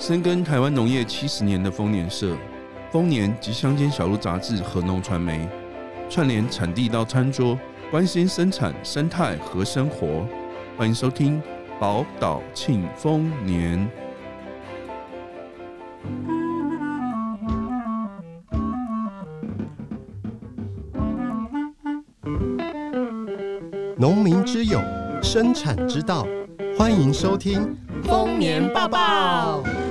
深耕台灣農業七十年的豐年社、豐年及鄉間小路雜誌和農傳媒，串聯產地到餐桌，關心生產、生態和生活。歡迎收聽寶島慶豐年。農民之友，生產之道。歡迎收聽豐年報報。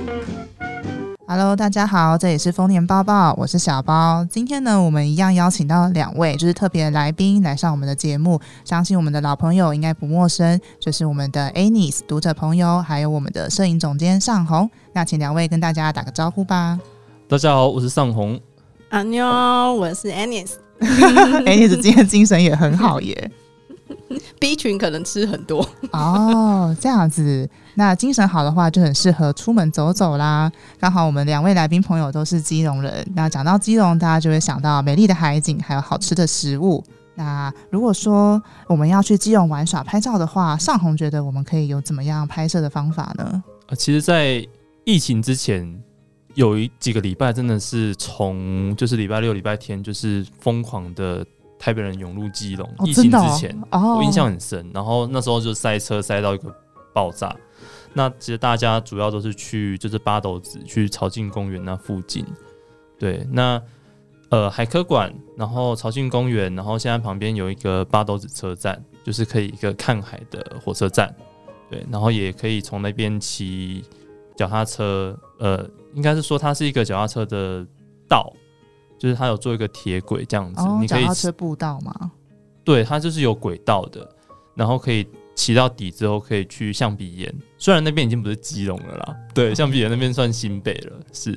Hello，大家好，這裡是豐年報報，我是小包。今天呢，我們一樣邀請到兩位，就是特別來賓來上我們的節目。相信我們的老朋友應該不陌生，就是我們的 Anis 讀者朋友，還有我們的攝影總監尚鴻。那請兩位跟大家打個招呼吧。大家好，我是尚鴻。你好，我是 Anis。 Anis 今天精神也很好耶。B 群可能吃很多哦，oh，這樣子，那精神好的話就很適合出門走走啦。剛好我們兩位來賓朋友都是基隆人，那講到基隆，大家就會想到美麗的海景，還有好吃的食物。那如果說我們要去基隆玩耍拍照的話，尚鴻覺得我們可以有怎麼樣拍攝的方法呢？其實，在疫情之前有一幾個禮拜，真的是從就是禮拜六、禮拜天就是瘋狂的。台北人湧入基隆、哦、疫情之前，啊、哦哦哦我印象很深。然後那時候就塞車塞到一個爆炸。那其實大家主要都是去就是八斗子，去潮境公園那附近。對，那呃海科館，然後潮境公園，然後現在旁邊有一個八斗子車站，就是可以一個看海的火車站。對，然後也可以從那邊騎腳踏車。呃，應該是說它是一個腳踏車的道。就是它有做一個鐵軌這樣子，哦、你可以。車步道嗎？對，它就是有軌道的，然後可以騎到底之後，可以去象鼻岩。雖然那邊已經不是基隆了啦，對，象鼻岩那邊算新北了。哦，是。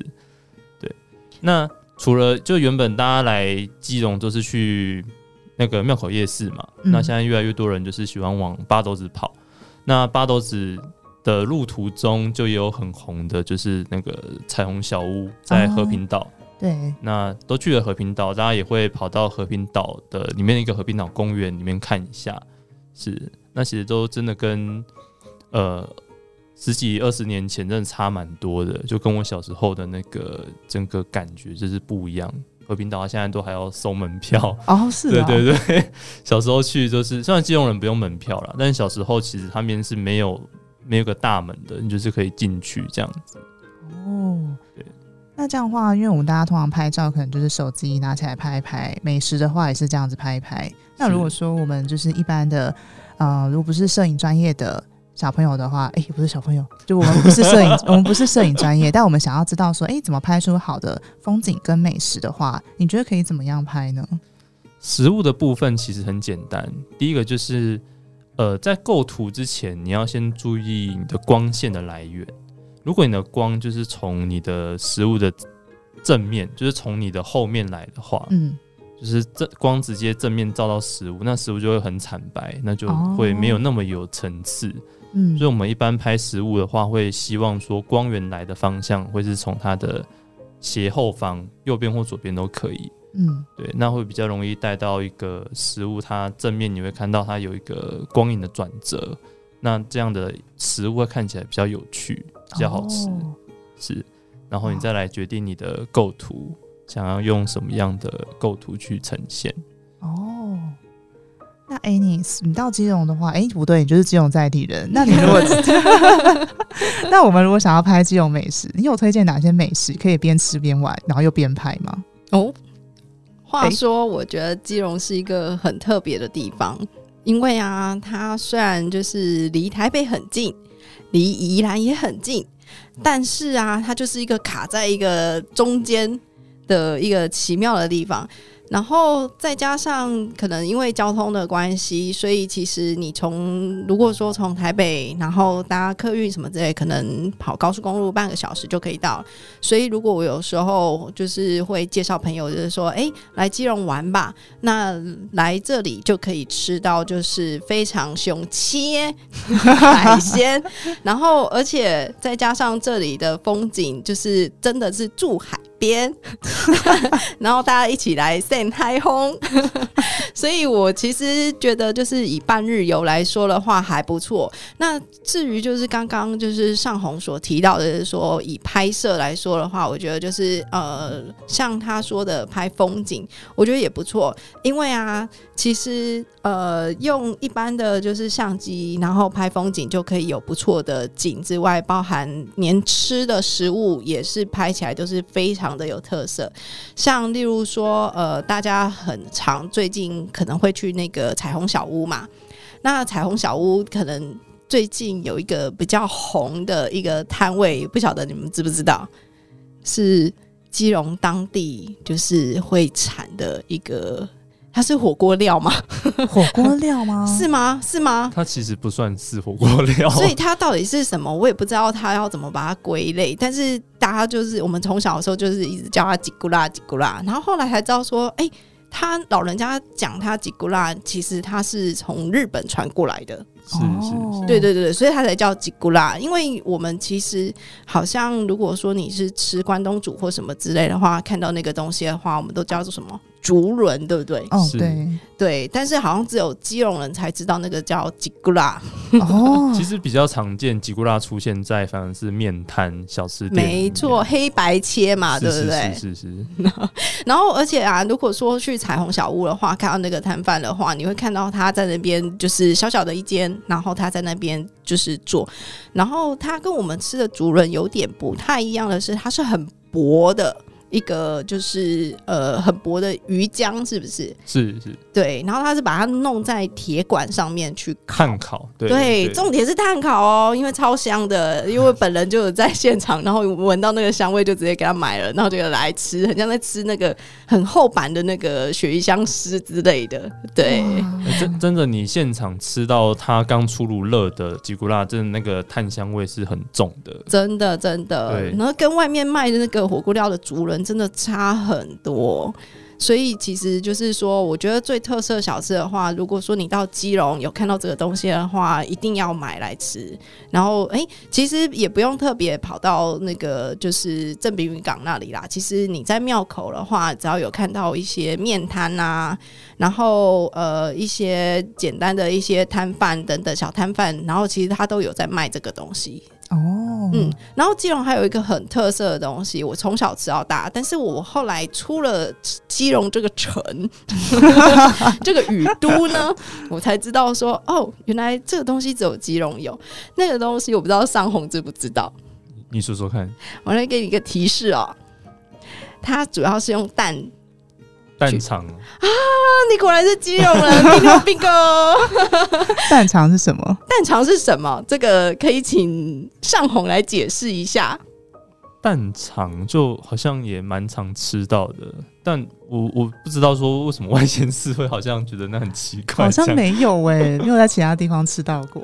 對，那除了就原本大家來基隆都是去那個廟口夜市嘛。嗯，那現在越來越多人就是喜歡往八斗子跑。那八斗子的路途中就有很紅的，就是那個彩虹小屋在和平島。嗯對，那都去了和平島，大家也會跑到和平島的裡面一個和平島公園裡面看一下。是，那其實都真的跟呃十幾二十年前真的差蠻多的，就跟我小時候的那個整個感覺就是不一樣。和平島它現在都還要收門票哦，是啊，對對對。小時候去就是，雖然基隆人不用門票了，但小時候其實他們是沒有沒有個大門的，你就是可以進去這樣子。哦，對。那這樣的話，因為我們大家通常拍照可能就是手機拿起來拍一拍，美食的話也是這樣子拍一拍。那如果說我們就是一般的，呃，如果不是攝影專業的小朋友的話，誒、欸，不是小朋友，就我們不是攝影， 我們不是攝影專業， 但我們想要知道說，誒、欸，怎麼拍出好的風景跟美食的話，你覺得可以怎麼樣拍呢？食物的部分其實很簡單，第一個就是，呃，在構圖之前，你要先注意你的光線的來源。如果你的光就是從你的食物的正面，就是從你的後面來的話，嗯，就是這光直接正面照到食物，那食物就會很慘白，那就會沒有那麼有層次。嗯、哦，所以我們一般拍食物的話，會希望說光源來的方向會是從它的斜後方，右邊或左邊都可以。嗯，對，那會比較容易帶到一個食物，它正面你會看到它有一個光影的轉折，那這樣的食物會看起來比較有趣。比較好吃，oh. 是，然後你再來決定你的構圖，oh. 想要用什麼樣的構圖去呈現。哦、oh.，那、欸、Anis，你你到基隆的話，哎、欸，不對，你就是基隆在地人。 那你如果， 那我們如果想要拍基隆美食，你有推薦哪些美食可以邊吃邊玩，然後又邊拍嗎？哦，話說，我覺得基隆是一個很特別的地方、欸，因為啊，它雖然就是離台北很近。離宜蘭也很近，但是啊，它就是一個卡在一個中間的一個奇妙的地方。然後再加上可能因為交通的關係，所以其實你從如果說從台北，然後搭客運什麼之類，可能跑高速公路半個小時就可以到。所以如果我有時候就是會介紹朋友，就是說，哎，來基隆玩吧，那來這裡就可以吃到就是非常凶切海鮮， 然後而且再加上這裡的風景，就是真的是住海。邊， 然後大家一起來 send hi home，所以我其實覺得，就是以半日遊來說的話還不錯。那至於就是剛剛就是尚鴻所提到的說，說以拍攝來說的話，我覺得就是呃，像他說的拍風景，我覺得也不錯。因為啊，其實呃，用一般的就是相機，然後拍風景就可以有不錯的景之外，包含連吃的食物也是拍起來都是非常。非常的有特色，像例如說，呃，大家很常最近可能會去那個彩虹小屋嘛，那彩虹小屋可能最近有一個比較紅的一個攤位，不曉得你們知不知道，是基隆當地就是會產的一個。它是火鍋料嗎？火鍋料嗎？ 是嗎？是嗎？它其實不算是火鍋料，所以它到底是什麼？我也不知道它要怎麼把它歸類。但是大家就是我們從小的時候就是一直叫它吉古拉吉古拉，然後後來才知道說，哎、欸，他老人家講他吉古拉，其實它是從日本傳過來的。是是是，oh.，對對對，對所以他才叫吉古拉。因為我們其實好像，如果說你是吃關東煮或什麼之類的話，看到那個東西的話，我們都叫做什麼竹輪，對不對？哦，oh,，對對。但是好像只有基隆人才知道那個叫吉古拉。哦，oh. 其實比較常見吉古拉出現在反正是麵攤、小吃店，沒錯，黑白切嘛，對不對？是是。 然後，然後而且啊，如果說去彩虹小屋的話，看到那個攤販的話，你會看到他在那邊就是小小的一間。然後他在那邊就是做，然後他跟我們吃的竹輪，有點不太一樣的是，它是很薄的。一個就是呃很薄的魚漿，是不是？是是，對。然後他是把它弄在鐵管上面去炭烤，烤對，對，對，重點是炭烤哦，因為超香的。因為本人就有在現場， 然後聞到那個香味就直接給他買了，然後就有來吃，很像在吃那個很厚版的那個鱈魚香絲之類的。對，欸、真真的，你現場吃到它剛出爐熱的吉古拉，真、就、的、是、那個炭香味是很重的，真的真的。對，然後跟外面賣的那個火鍋料的主人。真的差很多，所以其實就是說，我覺得最特色小吃的話，如果說你到基隆有看到這個東西的話，一定要買來吃。然後，誒、欸，其實也不用特別跑到那個就是正濱漁港那裡啦。其實你在廟口的話，只要有看到一些麵攤吶，然後呃一些簡單的一些攤販等等小攤販，然後其實他都有在賣這個東西。哦、oh.，嗯，然後基隆還有一個很特色的東西，我從小吃到大，但是我後來出了基隆這個城， 這個雨都呢，我才知道說，哦，原來這個東西只有基隆有，那個東西我不知道尚鴻知不知道，你說說看，我來給你一個提示哦，它主要是用蛋。蛋腸啊，啊，你果然是基隆人，bingo bingo！ 蛋腸是什麼？蛋腸是什麼？這個可以請尚鴻來解釋一下。蛋腸就好像也蠻常吃到的，但我我不知道說為什麼外縣市會好像覺得那很奇怪，好像沒有哎、欸，沒 有在其他地方吃到過。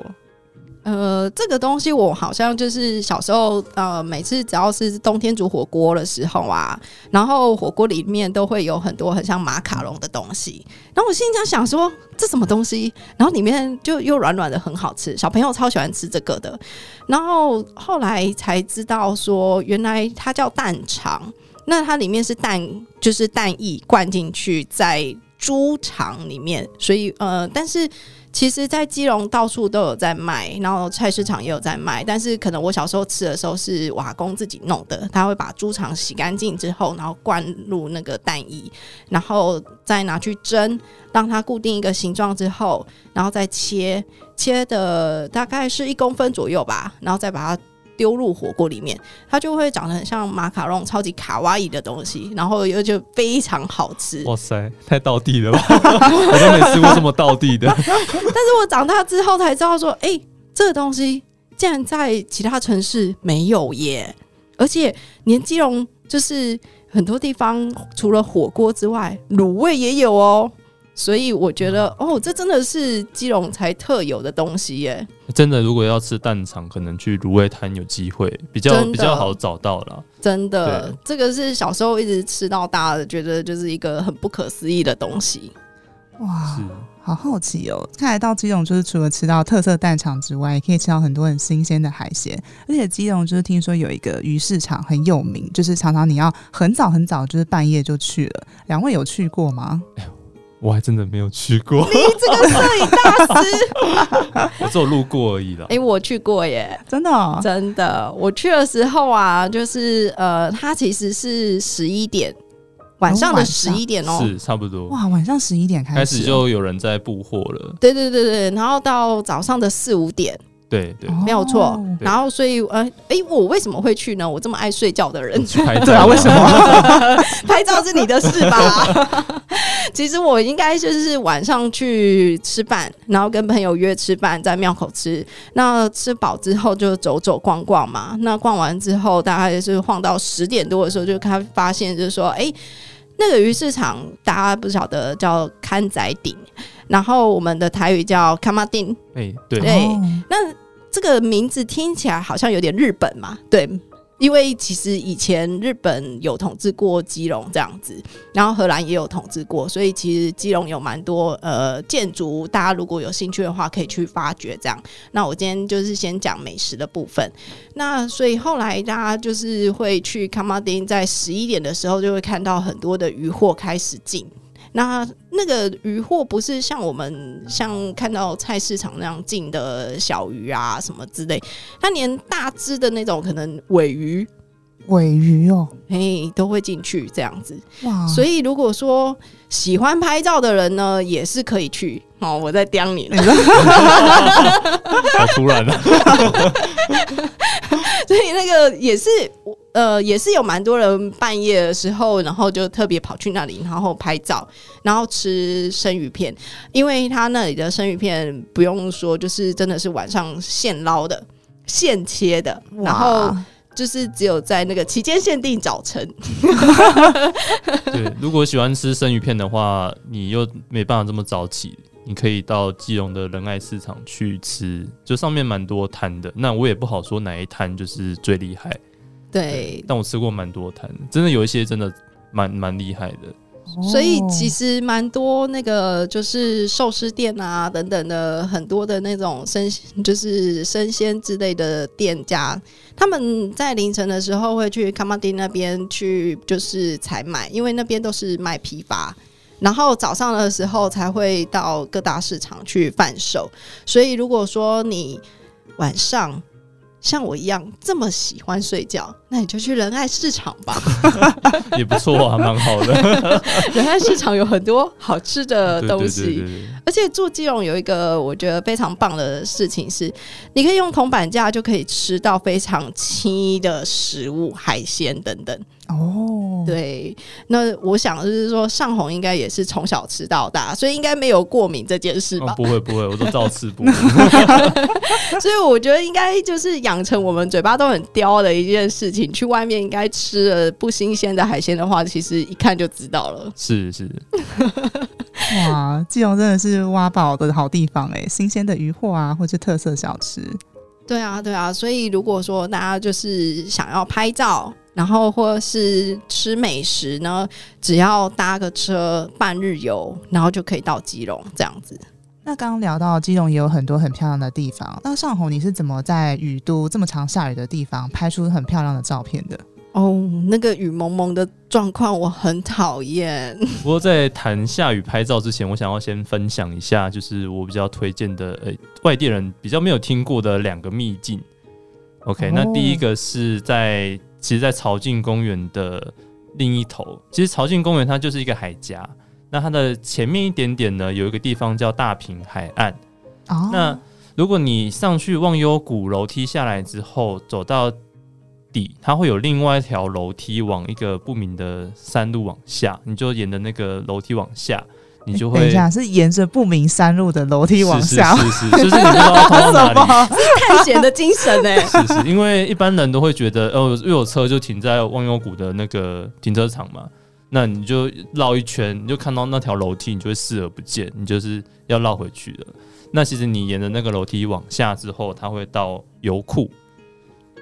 呃，這個東西我好像就是小時候呃，每次只要是冬天煮火鍋的時候啊，然後火鍋裡面都會有很多很像馬卡龍的東西，然後我心裡想，想說這什麼東西，然後裡面就又軟軟的很好吃，小朋友超喜歡吃這個的，然後後來才知道說原來它叫蛋腸，那它裡面是蛋，就是蛋液灌進去再豬腸裡面，所以呃，但是其實，在基隆到處都有在賣，然後菜市場也有在賣。但是可能我小時候吃的時候是我阿公自己弄的，他會把豬腸洗乾淨之後，然後灌入那個蛋液，然後再拿去蒸，讓它固定一個形狀之後，然後再切，切的大概是一公分左右吧，然後再把它。丟入火鍋裡面，它就會長得很像馬卡龍，超級卡哇伊的東西，然後又就非常好吃。哇塞，太道地了吧！ 我都沒吃過這麼道地的 但是我長大之後才知道說，說、欸、哎，這個、東西竟然在其他城市沒有耶，而且連基隆就是很多地方除了火鍋之外，滷味也有哦。所以我覺得、嗯、哦，這真的是基隆才特有的東西耶。真的，如果要吃蛋腸，可能去蘆葦攤有機會，比較比較好找到了。真的，這個是小時候一直吃到大的，覺得就是一個很不可思議的東西。哇，好好奇哦！看來到基隆就是除了吃到特色蛋腸之外，也可以吃到很多很新鮮的海鮮。而且基隆就是聽說有一個魚市場很有名，就是常常你要很早很早，就是半夜就去了。兩位有去過嗎？我還真的沒有去過，你這個攝影大師 我只有路過而已了。哎，我去過耶，真的、哦，真的，我去的時候啊，就是呃，它其實是十一點晚上的十一點、喔、哦，是差不多，哇，晚上十一點開始，開始就有人在布貨了，對對對對，然後到早上的四五點。對對，沒有錯、哦。然後所以呃，哎、欸，我為什麼會去呢？我這麼愛睡覺的人，去拍照嗎？對啊，為什麼 拍照是你的事吧？ 其實我應該就是晚上去吃飯，然後跟朋友約吃飯，在廟口吃。那吃飽之後就走走逛逛嘛。那逛完之後，大概是晃到十點多的時候，就開發現就是說，哎、欸，那個魚市場大家不曉得叫崁仔頂，然後我們的台語叫卡馬丁。哎、哦，對，那。這個名字聽起來好像有點日本嘛，對，因為其實以前日本有統治過基隆這樣子，然後荷蘭也有統治過，所以其實基隆有蠻多呃建築，大家如果有興趣的話，可以去發掘這樣。那我今天就是先講美食的部分，那所以後來大家就是會去崁仔頂，在十一點的時候就會看到很多的漁獲開始進。那那個魚貨不是像我們像看到菜市場那樣進的小魚啊什麼之類，它連大隻的那種可能鮪魚、鮪魚哦，哎都會進去這樣子。哇！所以如果說喜歡拍照的人呢，也是可以去哦。我在刁你了，好 突然了。 所以那個也是呃，也是有蠻多人半夜的時候，然後就特別跑去那裡，然後拍照，然後吃生魚片，因為他那裡的生魚片不用說，就是真的是晚上現撈的、現切的，然後就是只有在那個期間限定早晨。嗯、 對，如果喜歡吃生魚片的話，你又沒辦法這麼早起，你可以到基隆的仁愛市場去吃，就上面蠻多攤的，那我也不好說哪一攤就是最厲害。對,對，但我吃過蠻多攤，真的有一些真的蠻蠻厲害的。Oh. 所以其實蠻多那個就是壽司店啊等等的很多的那種生就是生鮮之類的店家，他們在凌晨的時候會去崁仔頂那邊去就是採買，因為那邊都是賣批發，然後早上的時候才會到各大市場去販售。所以如果說你晚上。像我一樣這麼喜歡睡覺，那你就去仁愛市場吧， 也不錯啊，蠻好的。仁 愛市場有很多好吃的東西，對對對對對對，而且住基隆有一個我覺得非常棒的事情是，你可以用銅板價，就可以吃到非常鮮的食物，海鮮等等。哦、oh.，對，那我想就是說，尚鴻應該也是從小吃到大，所以應該沒有過敏這件事吧？Oh, 不會不會，我都照吃不誤。 所以我覺得應該就是養成我們嘴巴都很刁的一件事情。去外面應該吃了不新鮮的海鮮的話，其實一看就知道了。是是， 哇，基隆真的是挖寶的好地方哎，新鮮的魚貨啊，或是特色小吃。對啊對啊，所以如果說大家就是想要拍照。然後或是吃美食呢，只要搭個車半日遊，然後就可以到基隆這樣子。那剛剛聊到基隆也有很多很漂亮的地方，那尚鴻，你是怎麼在雨都這麼常下雨的地方拍出很漂亮的照片的？哦、oh,，那個雨濛濛的狀況我很討厭、嗯。不過在談下雨拍照之前，我想要先分享一下，就是我比較推薦的、呃、外地人比較沒有聽過的兩個祕境。OK，、oh. 那第一個是在。其實在潮境公園的另一頭，其實潮境公園它就是一個海岬，那它的前面一點點呢，有一個地方叫大坪海岸。Oh. 那如果你上去望幽谷樓梯下來之後，走到底，它會有另外一條樓梯往一個不明的山路往下，你就沿着那個樓梯往下。你就會、欸、等一下，是沿着不明山路的樓梯往下，是是，是是，就是你不知道通到哪裡， 是探險的精神呢、欸。 是是，因為一般人都會覺得，哦、呃，又有車就停在忘憂谷的那個停車場嘛，那你就繞一圈，你就看到那條樓梯，你就會視而不見，你就是要繞回去的。那其實你沿着那個樓梯往下之後，它會到油庫。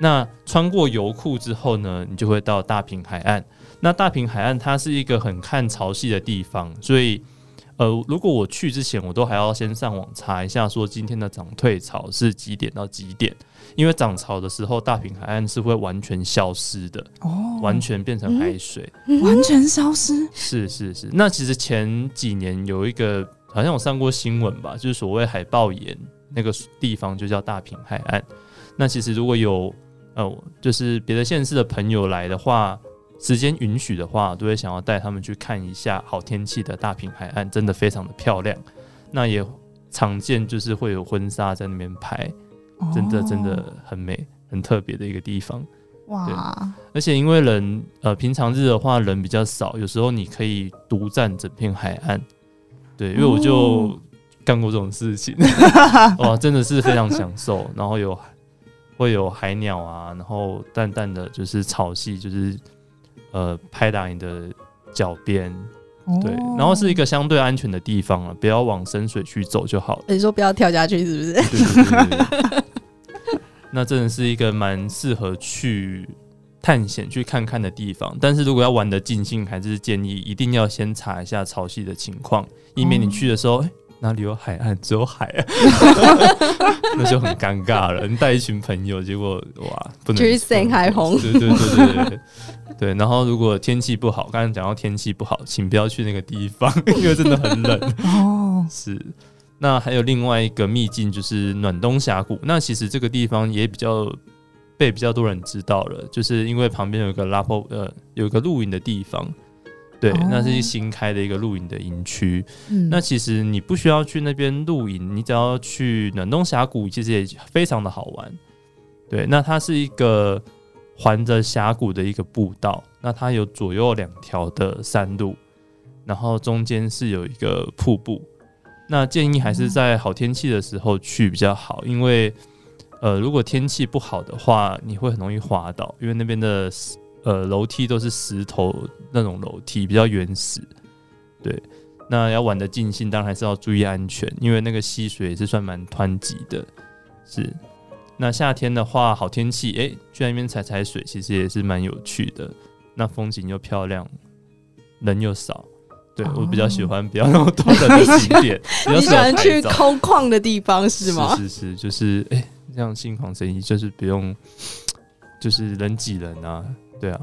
那穿過油庫之後呢，你就會到大平海岸。那大平海岸它是一個很看潮汐的地方，所以。呃，如果我去之前，我都還要先上網查一下，說今天的漲退潮是幾點到幾點？因為漲潮的時候，大平海岸是會完全消失的，哦、oh，完全變成海水，完全消失。是是是。那其實前幾年有一個，好像我上過新聞吧，就是所謂海豹岩那個地方，就叫大平海岸。那其實如果有呃，就是別的縣市的朋友來的話。時間允許的話，都會想要帶他們去看一下好天氣的大平海岸，真的非常的漂亮。那也常見就是會有婚紗在那邊拍，真的、哦、真的很美，很特別的一個地方。哇！而且因為人呃平常日的話人比較少，有時候你可以獨占整片海岸。對，因為我就幹過這種事情，嗯、 哇，真的是非常享受。 然後有會有海鳥啊，然後淡淡的就是潮汐，就是。呃，拍打你的腳邊，哦，對，然後是一個相對安全的地方啊。不要往深水區走就好了。你說不要跳下去是不是？對對對對對 那真的是一個蠻適合去探險，去看看的地方。但是如果要玩得盡興，還是建議一定要先查一下潮汐的情況，以免你去的時候。嗯欸哪裡有海岸？只有海 那就很尷尬了。你帶一群朋友，結果哇，不能去賞海紅。對對對對對，對。然後如果天氣不好，剛才講到天氣不好，請不要去那個地方，因為真的很冷。哦， 是。那還有另外一個秘境，就是暖東峽谷。那其實這個地方也比較被比較多人知道了，就是因為旁邊有一個拉坡，呃，有一個露營的地方。對，oh. 那是一新開的一個露營的營區，嗯。那其實你不需要去那邊露營，你只要去暖東峽谷，其實也非常的好玩。對，那它是一個環着峽谷的一個步道，那它有左右兩條的山路，然後中間是有一個瀑布。那建議還是在好天氣的時候去比較好，嗯、因為呃，如果天氣不好的話，你會很容易滑倒，因為那邊的。呃，樓梯都是石頭那種樓梯，比較原始。對，那要玩得盡興，當然還是要注意安全，因為那個溪水也是算蠻湍急的。是，那夏天的話，好天氣，哎，去那邊踩踩水，其實也是蠻有趣的。那風景又漂亮，人又少。對、哦、我比較喜歡不要那麼多人的景點， 你喜歡去空曠的地方， 是嗎？是是是，就是哎，這樣心曠神怡，就是不用，就是人擠人啊。對啊，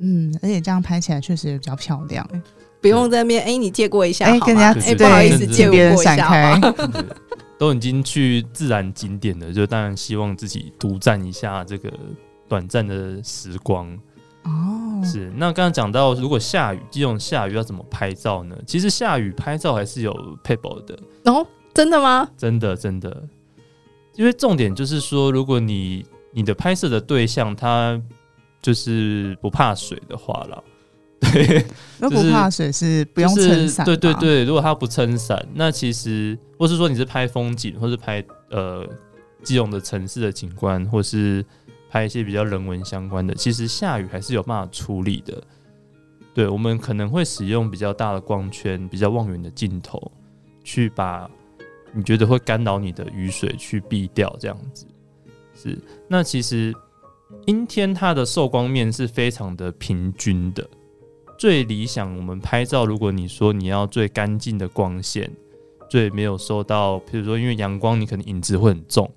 嗯，而且這樣拍起來確實也比較漂亮，欸。不用在那邊，哎、欸，你借過一下，哎、欸，跟人家哎、欸，不好意思，借過一下。都已經去自然景點了，就當然希望自己獨占一下這個短暫的時光。哦，是。那剛剛講到，如果下雨，這種下雨要怎麼拍照呢？其實下雨拍照還是有撇步的。哦，真的嗎？真的真的。因為重點就是說，如果你你的拍攝的對象它。就是不怕水的話了，對，那不怕水是不用撐傘。就是、對對對，如果它不撐傘，那其實，或是說你是拍風景，或是拍呃，這種的城市的景觀，或是拍一些比較人文相關的，其實下雨還是有辦法處理的。對，我們可能會使用比較大的光圈、比較望遠的鏡頭，去把你覺得會干擾你的雨水去避掉，這樣子。是，那其實。陰天，它的受光面是非常的平均的。最理想，我們拍照，如果你說你要最乾淨的光線，最沒有受到，譬如說因為陽光，你可能影子會很重，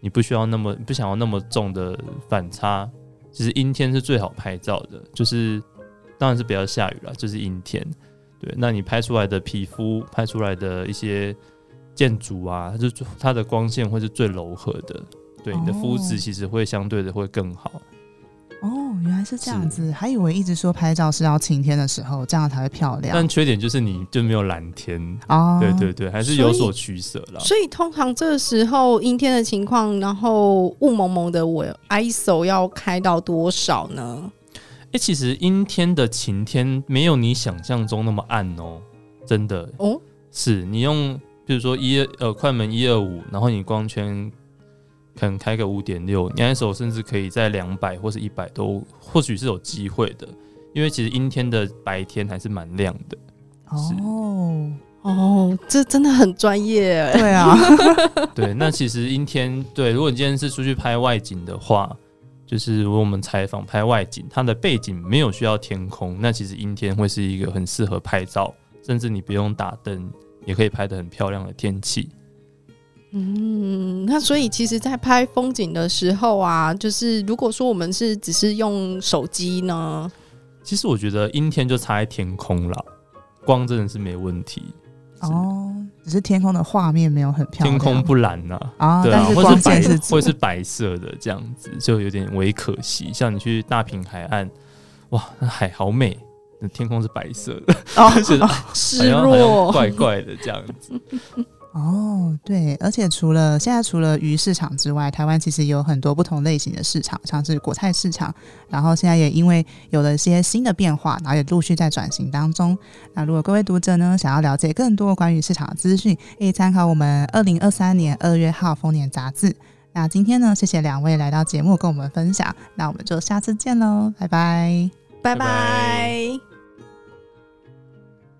你不需要那麼不想要那麼重的反差，其實陰天是最好拍照的，就是當然是不要下雨了，就是陰天。對，那你拍出來的皮膚，拍出來的一些建築啊，就它的光線會是最柔和的。對你的膚質其實會相對的會更好。哦，原來是這樣子，還以為一直說拍照是要晴天的時候，這樣才會漂亮。但缺點就是你就沒有藍天啊。對對對，還是有所取捨了。所以通常這個時候陰天的情況，然後霧濛濛的，我 ISO 要開到多少呢？哎，其實陰天的晴天沒有你想象中那麼暗哦，真的哦，是你用比如說一呃快門一二五，然後你光圈。可能開個五點六，你那時候甚至可以在兩百或是一百都，或許是有機會的。因為其實陰天的白天還是蠻亮的。哦哦，這真的很專業。對啊， 對，那其實陰天，對，如果你今天是出去拍外景的話，就是如果我們採訪拍外景，它的背景沒有需要天空，那其實陰天會是一個很適合拍照，甚至你不用打燈也可以拍得很漂亮的天氣。嗯，那所以其實，在拍風景的時候啊，就是如果說我們是只是用手機呢，其實我覺得陰天就差在天空了，光真的是沒問題。哦，只是天空的畫面沒有很漂亮，天空不藍吶啊，啊，對啊，但是是或是白色，或是白色的這樣子，就有點微可惜。像你去大坪海岸，哇，那海好美，那天空是白色的，是，哦 哦，失落怪怪的這樣子。 哦，對，而且除了現在除了魚市場之外，台灣其實有很多不同類型的市場，像是果菜市場，然後現在也因為有了一些新的變化，然後也陸續在轉型當中。那如果各位讀者呢，想要了解更多關於市場的資訊，可以參考我們二零二三年二月號《豐年》雜誌。那今天呢，謝謝兩位來到節目跟我們分享，那我們就下次見嘍，拜拜，拜拜。Bye bye